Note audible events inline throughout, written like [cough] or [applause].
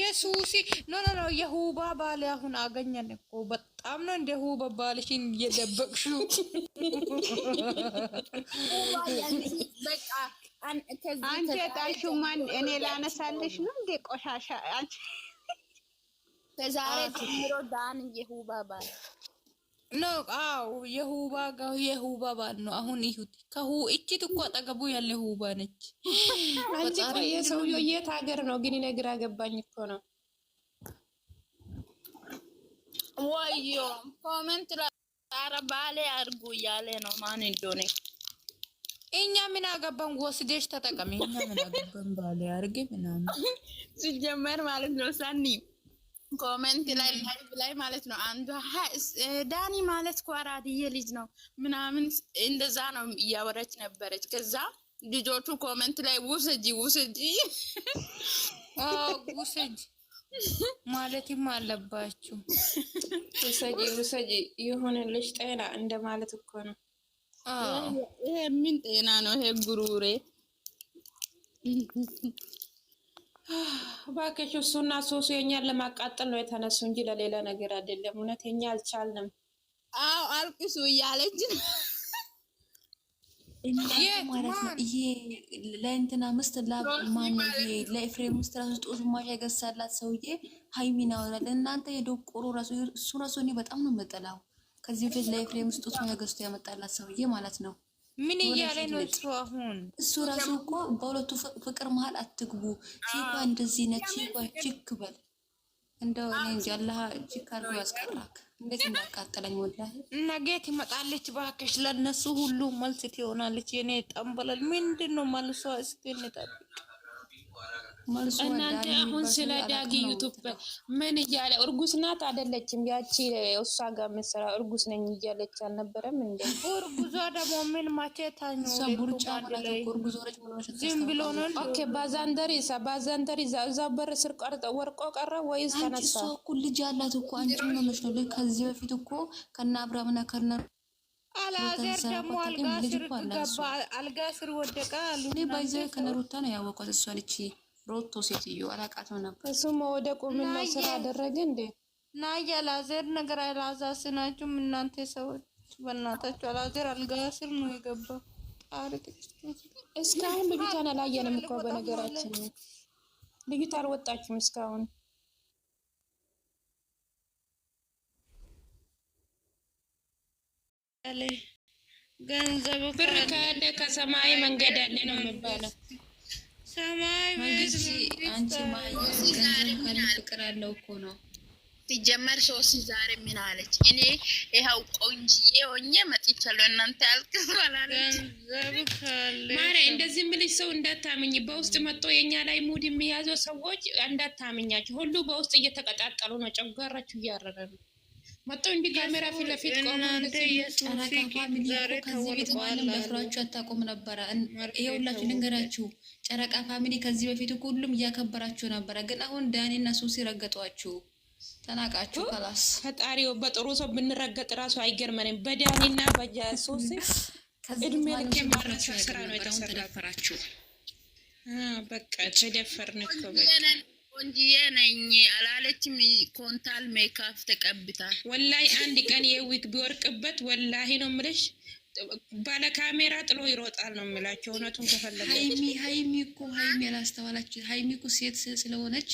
የሱሲ ኖ ኖ ኖ የሁባ ባል አሁን አገኘን እኮ በጣም ነው። እንደ ሁባ ባልሽን እየደበቅሹ አንቺ የጣልሽው ማን? እኔ ላነሳልሽ ነው እንዴ? ቆሻሻ አንቺ ከዛሬ ጀምሮ ዳን የሁባ ባል ነው አው የሁባ ጋር የሁባ ባል ነው። አሁን ይሁት ከሁ እቺ ትኮ አጠገቡ ያለ ሁባ ነች። [laughs] አንቺ ቆየ ሰውዬው የት ሀገር ነው ግን? እኔ ግራ እኮ ነው። ወዮ ኮሜንት ላይ ባሌ አድርጉ እያለ ነው። ማን እንደሆነ እኛ ምን አገባን? ወስደሽ ተጠቀሚ። እኛ ምን አገባን? ባሌ አድርጌ ምናምን [laughs] ሲጀመር ማለት ነው ሳኒ ኮመንት ላይ ላይቭ ላይ ማለት ነው። አንዱ ዳኒ ማለት እኮ አራድዬ ልጅ ነው ምናምን እንደዛ ነው እያወረች ነበረች። ከዛ ልጆቹ ኮመንት ላይ ውስጅ ውስጅ ውስጅ ማለትም አለባችሁ። ውሰጂ ውሰጂ የሆነ ልጅ ጤና እንደ ማለት እኮ ነው። ይሄ ምን ጤና ነው? ይሄ ጉሩሬ ባከሽ እሱና ሶሱ የኛን ለማቃጠል ነው የተነሱ እንጂ ለሌላ ነገር አይደለም። እውነት የኛ አልቻልንም። አዎ አልቅሱ እያለች ለእንትና ምስት ለኤፍሬም ምስት ራሱ ጦስ ማሽ ያገሳላት ሰውዬ ሀይሚና ሆናል። እናንተ የዶቆሮ ራሱ እሱ ራሱ እኔ በጣም ነው መጠላው። ከዚህ በፊት ለኤፍሬም ምስት ጦስ ያገዝቶ ያመጣላት ሰውዬ ማለት ነው ምን እያለ ነው እሱ? አሁን እሱ ራሱ እኮ በሁለቱ ፍቅር መሀል አትግቡ፣ ቺኳ እንደዚህ ነች፣ ቺኳ ችክ በል እንደው እኔ እንጂ አላህ ቺክ አድርጎ ያስቀራክ። እንዴት እንዳቃጠለኝ ወላሂ። ነገት ትመጣለች ባከሽ፣ ለነሱ ሁሉ መልስ ትሆናለች። የኔ ጠንበላል ምንድን ነው መልሷ? እስቲ እንጠብቅ። እናንተ አሁን ስለ ዳጊ ዩቱብ ምን እያለ እርጉስ ናት አይደለችም? ያቺ እሷ ጋር መሰራ እርጉዝ ነኝ እያለች አልነበረም እንዴ? እርጉዟ ደግሞ ምን ማቼታ ነው? ብሎ ነው። ኦኬ ባዛንደሪሳ እዛ በር ስር ቀርጠ ወርቆ ቀረ ወይስ ተነሳ? እሷ እኮ ልጅ አላት እኮ አንቺ ምን ከዚህ በፊት እኮ ከነ አብራምና ከነ አላዘር ደግሞ አልጋ ስር ገባ፣ አልጋ ስር ወደቀ አሉ። እኔ ባይዘ ከነሩታ ነው ያወቋት እሷ ልጅ ሮቶ ሴትዮ አላቃትም ነበር። እሱም ወደ ቁምና ስራ አደረገ እንዴ? ና የአላዘር ነገር አላዛ ናችሁም እናንተ ሰዎች በእናታችሁ። አላዘር አልጋ ስር ነው የገባው። እስካሁን ልጅቷን አላየንም እኮ በነገራችን ልጅቷ አልወጣችም እስካሁን ገንዘብ ብር ከሰማይ መንገድ አለ ነው የሚባለው። ፍቅር ሲጀመር። ሶሲ ዛሬ ምን አለች? እኔ ይኸው ቆንጅዬ ሆኜ መጥቻለሁ እናንተ ያልቅስ ባላለች ማርያ። እንደዚህ የምልሽ ሰው እንዳታምኝ፣ በውስጥ መጥቶ የእኛ ላይ ሙድ የሚያዘው ሰዎች እንዳታምኛቸው። ሁሉ በውስጥ እየተቀጣጠሉ ነው። ጨጓራችሁ እያረረ ነው። መጣው እንዲ ካሜራ ፊት ለፊት ቆመናንተየሱፊዛሬተወልቋልበፍራችሁ አታቆም ነበረ። ይሄ ሁላችሁ ልንገራችሁ፣ ጨረቃ ፋሚሊ ከዚህ በፊት ሁሉም እያከበራችሁ ነበረ፣ ግን አሁን ዳኒና ሱሲ ረገጧችሁ፣ ተናቃችሁ። ከላስ ፈጣሪው በጥሩ ሰው ብንረገጥ ራሱ አይገርመንም። በዳኒና በሱሲ እድሜ ልክ የማራቸው ስራ ነው የተሰራው። በቃ ተደፈርን እኮ በቃ ቆንጅዬ ነኝ አላለችም። ኮንታል ሜካፍ ተቀብታ ወላሂ አንድ ቀን የዊክ ቢወርቅበት ወላሂ ነው የምልሽ ባለ ካሜራ ጥሎ ይሮጣል ነው የምላቸው። እውነቱን ከፈለገ ሀይሚ ሀይሚ እኮ ሀይሚ ያላስተዋላችሁ ሀይሚ እኮ ሴት ስለሆነች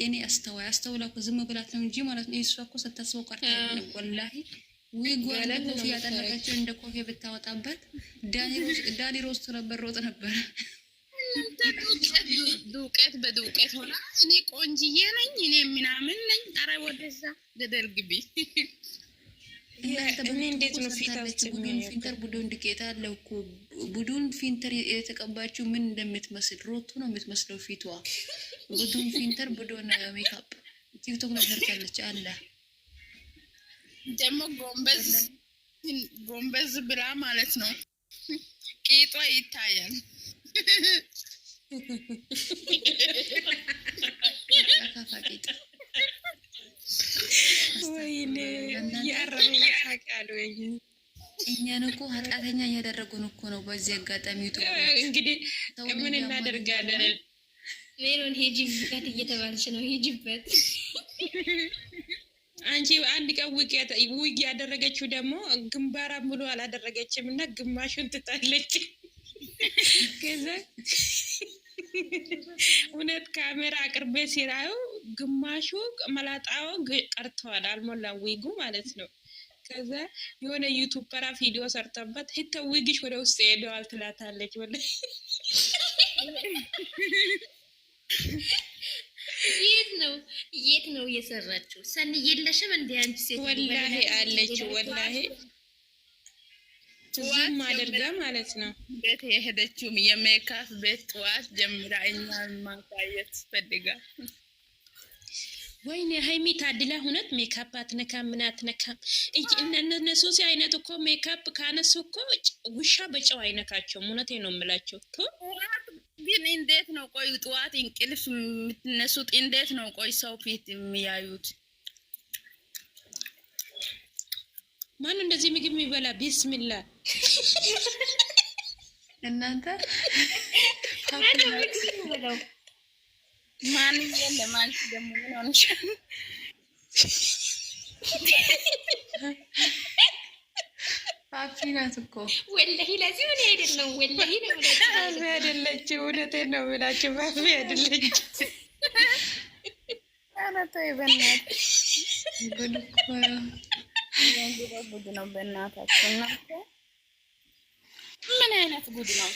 የኔ አስተዋይ አስተውላ እኮ ዝም ብላት ነው እንጂ ማለት ነው። እሷ እኮ ስታስበው ቀርታ ወላሂ ዊጎን ኮፊ ያጠለቀችው እንደ ኮፊ ብታወጣበት ዳኒ ሮስቱ ነበር ሮጥ ነበር ዱቄት በዱቄት ሆና እኔ ቆንጅዬ ነኝ እኔ ምናምን ነኝ። አረ ወደዛ ገደል ግቢ። እኔ እንዴት ነው ፊታችን? ፊንተር ቡዱን ዱቄት አለው እኮ ቡዱን ፊንተር የተቀባችው ምን እንደምትመስል ሮቱ ነው የምትመስለው ፊቷ። ቡዱን ፊንተር ቡዱን ሜካፕ ቲክቶክ ላይ ሰርታለች። አለ ደግሞ ጎንበዝ ጎንበዝ ብላ ማለት ነው ቄጧ ይታያል። እኛን እኮ ኃጢአተኛ እያደረጉን እኮ ነው። በዚህ አጋጣሚ እንግዲህ ምን እናደርጋለን? ሜሮን ሂጂበት እየተባለች ነው። ሂጂበት አንቺ አንድ ቀን ውግ ያደረገችው ደግሞ ግንባራ ሙሉ አላደረገችም እና ግማሹን ትታለች [laughs] ከዛ እውነት ካሜራ አቅርቤ ሲራዩ ግማሹ መላጣው ቀርተዋል፣ አልሞላም ዊጉ ማለት ነው። ከዛ የሆነ ዩቱበራ ቪዲዮ ሰርተበት ሂተ ዊግሽ ወደ ውስጥ ሄደዋል ትላታለች። ወለ የት ነው የት ነው እየሰራችው? ሰን የለሽም እንዲ አንቺ ሴት ወላሄ አለች ወላሄ አድርጋ ማለት ነው። ቤት የሄደችውም የሜካፍ ቤት ጠዋት ጀምራ እኛን ማሳየት ትፈልጋል። ወይኔ ሀይሚ ታድላ ሁነት ሜካፕ አትነካም፣ ምን አትነካም። እነሱ ሲ አይነት እኮ ሜካፕ ካነሱ እኮ ውሻ በጨው አይነካቸውም። እውነቴ ነው የምላቸው። ግን እንዴት ነው ቆይ ጠዋት እንቅልፍ የምትነሱት? እንዴት ነው ቆይ ሰው ፊት የሚያዩት? ማን እንደዚህ ምግብ የሚበላ ቢስሚላ እናንተ ማን የለም። አንቺ ደግሞ ምን እኮ ወላሂ። ለዚህ ምን ወላሂ እውነቴን ነው ብላችሁ ሀፒ ኧረ ተይ ጉድ ነው በእናታችሁ እናንተ አይነት ጉድ ነው?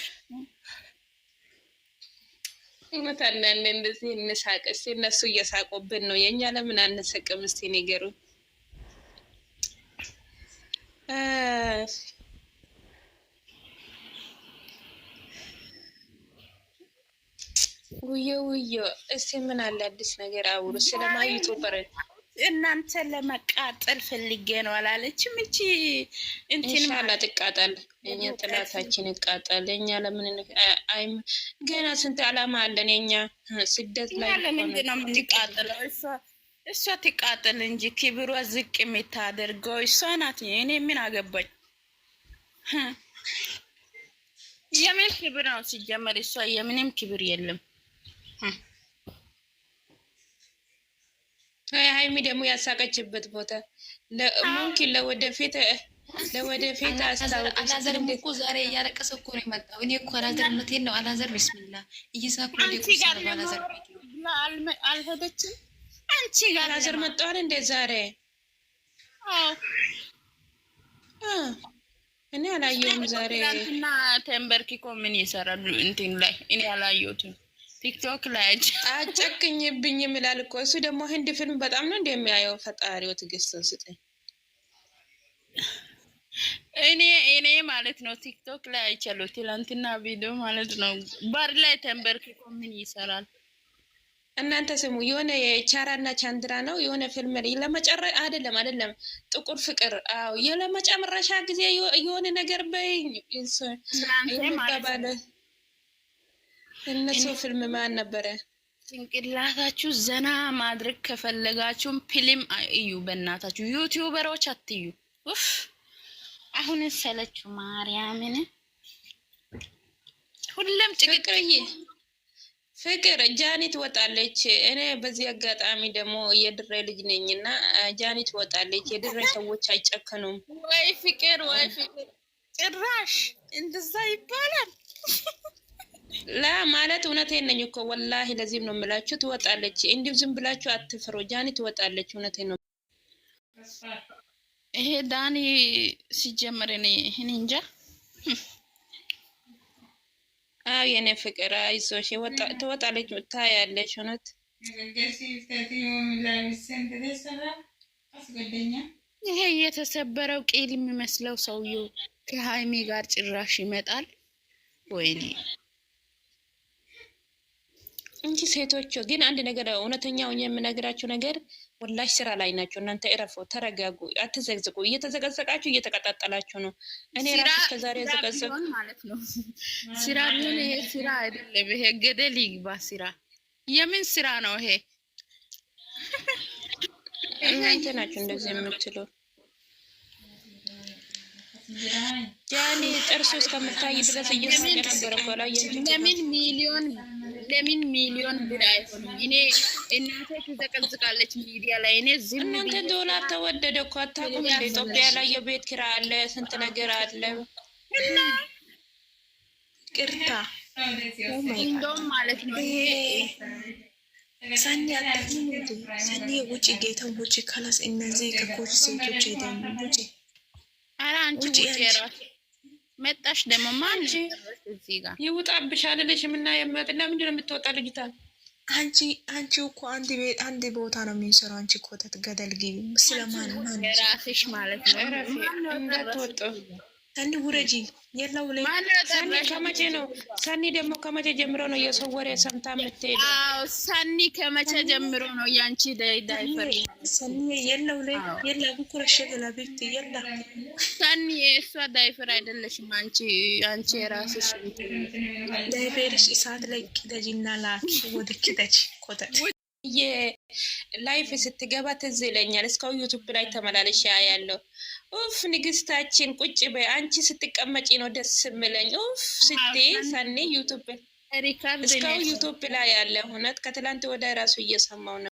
እውነት አንዳንዴ እንደዚህ እንሳቅ እስኪ። እነሱ እየሳቁብን ነው፣ የእኛ ለምን አንሰቅም እስኪ ንገሩን። ውየ ውየ፣ እስኪ ምን አለ አዲስ ነገር አውሩ ስለማይቱ በረ እናንተ ለመቃጠል ፈልጌ ነው አላለችም። እቺ እንሻላ ትቃጠል፣ እኛ ጥላታችን ይቃጠል። እኛ ለምን አይም ገና ስንት አላማ አለን። የኛ ስደት ላይ ለምንድን ነው የምንቃጥለው? እሷ ትቃጠል እንጂ ክብሯ ዝቅ የምታደርገው እሷ ናት። እኔ ምን አገባኝ? የምን ክብር ነው ሲጀመር? እሷ የምንም ክብር የለም። ሀይሚ ደግሞ ያሳቀችበት ቦታ ሙምኪን ለወደፊት ለወደፊት አላዘር እኮ ዛሬ እያለቀሰ እኮ ነው የመጣው። እኔ እኮ አላዘር መቴን ነው አላዘር ብስሚላ እየሳኩ አልሄደችም። አንቺ ጋር አላዘር መጠዋል እንዴ ዛሬ? እኔ አላየውም ዛሬ። ትናንትና ተንበርኪኮ ምን ይሰራሉ እንትን ላይ እኔ አላየሁትም። ቲክቶክ ላይ [laughs] አጨቅኝብኝ ይምላል እኮ እሱ ደግሞ ህንድ ፊልም በጣም ነው እንደሚያየው። ፈጣሪው ትዕግስትን ስጠኝ። እኔ እኔ ማለት ነው ቲክቶክ ላይ አይቻለሁ። ትላንትና ቪዲዮ ማለት ነው ባር ላይ ተንበርክኮ ምን ይሰራል? እናንተ ስሙ። የሆነ የቻራ እና ቻንድራ ነው የሆነ ፊልም ለመጨረ አይደለም አይደለም፣ ጥቁር ፍቅር። አዎ የለመጨረሻ ጊዜ የሆነ ነገር በይኝ ባባለ እነሱ ፊልም ማን ነበረ? ጭንቅላታችሁ ዘና ማድረግ ከፈለጋችሁም ፊልም እዩ። በእናታችሁ ዩቲዩበሮች አትዩ። ኡፍ አሁን ሰለችሁ ማርያምን። ሁሉም ጭቅቅርዬ ፍቅር ጃኒት ወጣለች። እኔ በዚህ አጋጣሚ ደግሞ የድሬ ልጅ ነኝ እና ጃኒት ወጣለች። የድሬ ሰዎች አይጨከኑም ወይ ፍቅር ወይ ፍቅር ጭራሽ እንደዛ ይባላል። ላ ማለት እውነቴን ነኝ እኮ ወላሂ። ለዚህም ነው የምላችሁ ትወጣለች። እንዲሁ ዝም ብላችሁ አትፍሩ። ጃኒ ትወጣለች። እውነቴን ነው። ይሄ ዳኒ ሲጀመር እኔ እንጃ። አዎ የኔ ፍቅር አይዞሽ፣ ትወጣለች። ታያለች። እውነት ይሄ የተሰበረው ቄል የሚመስለው ሰውዬው ከሀይሜ ጋር ጭራሽ ይመጣል። ወይኔ እንጂ ሴቶች ግን አንድ ነገር እውነተኛው የምነግራቸው ነገር ወላሽ ስራ ላይ ናቸው። እናንተ እረፉ፣ ተረጋጉ፣ አትዘግዝቁ። እየተዘቀዘቃችሁ እየተቀጣጠላችሁ ነው። እኔ ራሱ ከዛሬ ዘቀዘቅ ማለት ነው። [laughs] ስራ ቢሆን ይሄ ስራ አይደለም። ይሄ ገደል ይግባ ስራ። የምን ስራ ነው ይሄ? [laughs] እናንተ ናችሁ እንደዚህ የምትሉ ያኔ ጥርሱ እስከምታይ ድረስ እየሰገ ነበረ። ለምን ሚሊዮን ለምን ሚሊዮን ብር አይሆንም? እኔ እናቴ ትዘቀዝቃለች ሚዲያ ላይ እኔ ዝም እናንተ ዶላር ተወደደ እኮ አታውቁም። እንደ ኢትዮጵያ ላይ የቤት ኪራይ አለ፣ ስንት ነገር አለ። ቅርታ oh እንደውም ማለት ነው ሰኒ አታምንቱ ሰኒ ውጭ ጌታን ውጭ ከላስ እነዚህ ከኮች ሴቶች ሄደ ውጭ አራ አንቺ ውጭ ራ መጣሽ ደግሞ ማን እዚህ ጋር ይውጣብሽ አልልሽም። እና የመጥና ምንድን ነው የምትወጣ ልጅታ? አንቺ አንቺ እኮ አንድ ቤት አንድ ቦታ ነው የሚሰራው። አንቺ ኮተት ገደል ግቢ ስለማን ነው ራስሽ ማለት ነው። እንዳትወጣው ሰኒ ውረጂ የለው ላይ ከመቼ ነው ሰኒ ደግሞ ከመቼ ጀምሮ ነው የሰው ወሬ ሰምታ የምትሄድ? ሰኒ ከመቼ ጀምሮ ነው ያንቺ ዳይፈር ሰኒ የለው የእሷ ዳይፈር አይደለሽም አንቺ አንቺ የራስሽ ዳይፈርሽ እሳት ላይ ቂደጅ ላኪ ወደ ቂደጅ ኮተት የላይፍ ስትገባ ትዝ ይለኛል። እስካሁ ዩቱብ ላይ ተመላለሻ ያለው ኡፍ ንግስታችን ቁጭ በይ አንቺ ስትቀመጪ ነው ደስ ምለኝ። ኡፍ ስቴ ሰኔ ዩቱብ እስካሁ ዩቱብ ላይ ያለ እውነት ከትላንት ወደ ራሱ እየሰማው ነው።